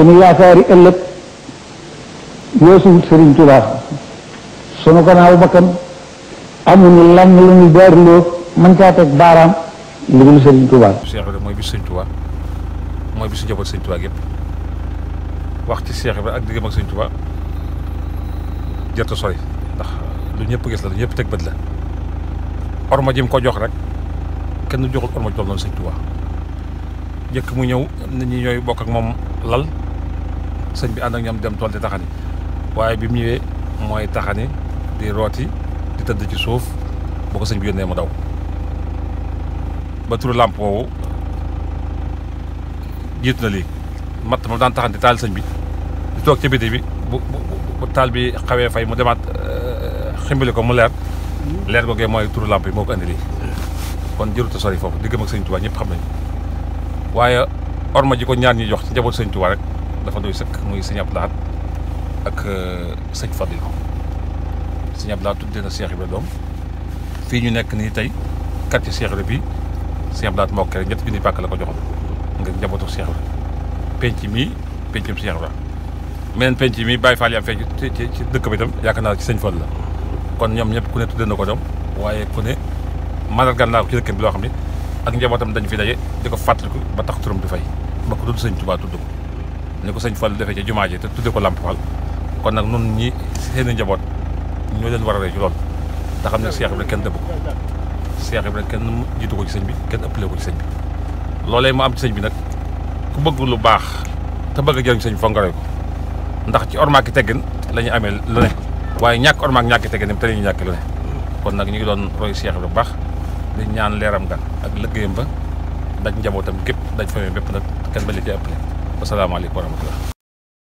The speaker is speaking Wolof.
sunu yaakaari ëllëg weesuwut sëriñ tuba sunu gannaaw bakkan amuñu lan lu ñu daarloo man caa teg baaraam lu dul sëriñ tuba Cheikh ibrahim mooy bi sëriñ tubaa mooy su njaboot sëriñ tuba yëpp wax ci Cheikh ibrahim ak diggam ak sëriñ tuba jërta sori ndax lu ñëpp gis la lu ñëpp teg bët la orma jim ko jox rek kenn joxul orma jox non noonu sëriñ tuba njëkk mu ñëw nit ñi bokk ak moom lal sëñ bi ànd ak ñoom dem tool di taxani waaye bi mu ñëwee mooy taxani di rooti di tëdd ci suuf boo ko sëñ bi yónnee mu daw ba turu làmp woowu jiitu na lii matt moom daan taxani di taal sëñ bi di toog ci biti bi bu bu taal bi xawee fay mu demaat euh, ximbali ko mu leer leer googee mooy turu làmp bi moo ko indi lii kon jëruta sori foofu diggam ak sëñ Tuubaa ñëpp xam nañu waaye orma ji ko ñaar ñi jox ci njaboot sëñ Tuubaa rek dafa doy sëkk muy sëñ Abdou ak euh, sëñ Fadil sëñ Abdou Lahad tuddee na Cheikh Ibra doom fii ñu nekk nii tey quartier Cheikh Ibra bi sëñ Abdou Lahad moo ko ñett bi ni pàkk la ko joxoon ngir njabootu Cheikh Ibra penc mi pencum Cheikh Ibra meneen penc mi Baye Fall yi am fee ci ci dëkk bi tam yaakaar naa ci sëñ Fall la kon ñoom ñëpp ku ne tuddee na ko doom waaye ku ne mandargal naa ko ci dëkk bi loo xam ne ak njabootam dañ fi daje di ko fàttaliku ba tax turam du fay ba ko tudd sëñ Tuubaa tudd ko ni ko sëñ Fall defee ci jumaa ji te tudde ko Lamp Fall kon nag nun ñi seen i njaboot ñoo leen war a rey ci loolu te xam ne Cheikh Ibra kenn dëbb ko Cheikh Ibra kenn jiitu ko ci sëñ bi kenn ëppale ko ci sëñ bi loolee mu am ci sëñ bi nag ku bëgg lu baax te bëgg a jëriñ sëñ bi foog nga roy ko ndax ci ormaaki teggin la ñu amee lu ne waaye ñàkk ormaak ñàkki teggin te la ñu ñàkki lu ne kon nag ñu ngi doon roy Cheikh Ibra baax dañ ñaan leeram gan ak liggéeyam ba njabootam gépp daj famille bépp nag kenn ba wasalaamaaleykum wa rahmatullah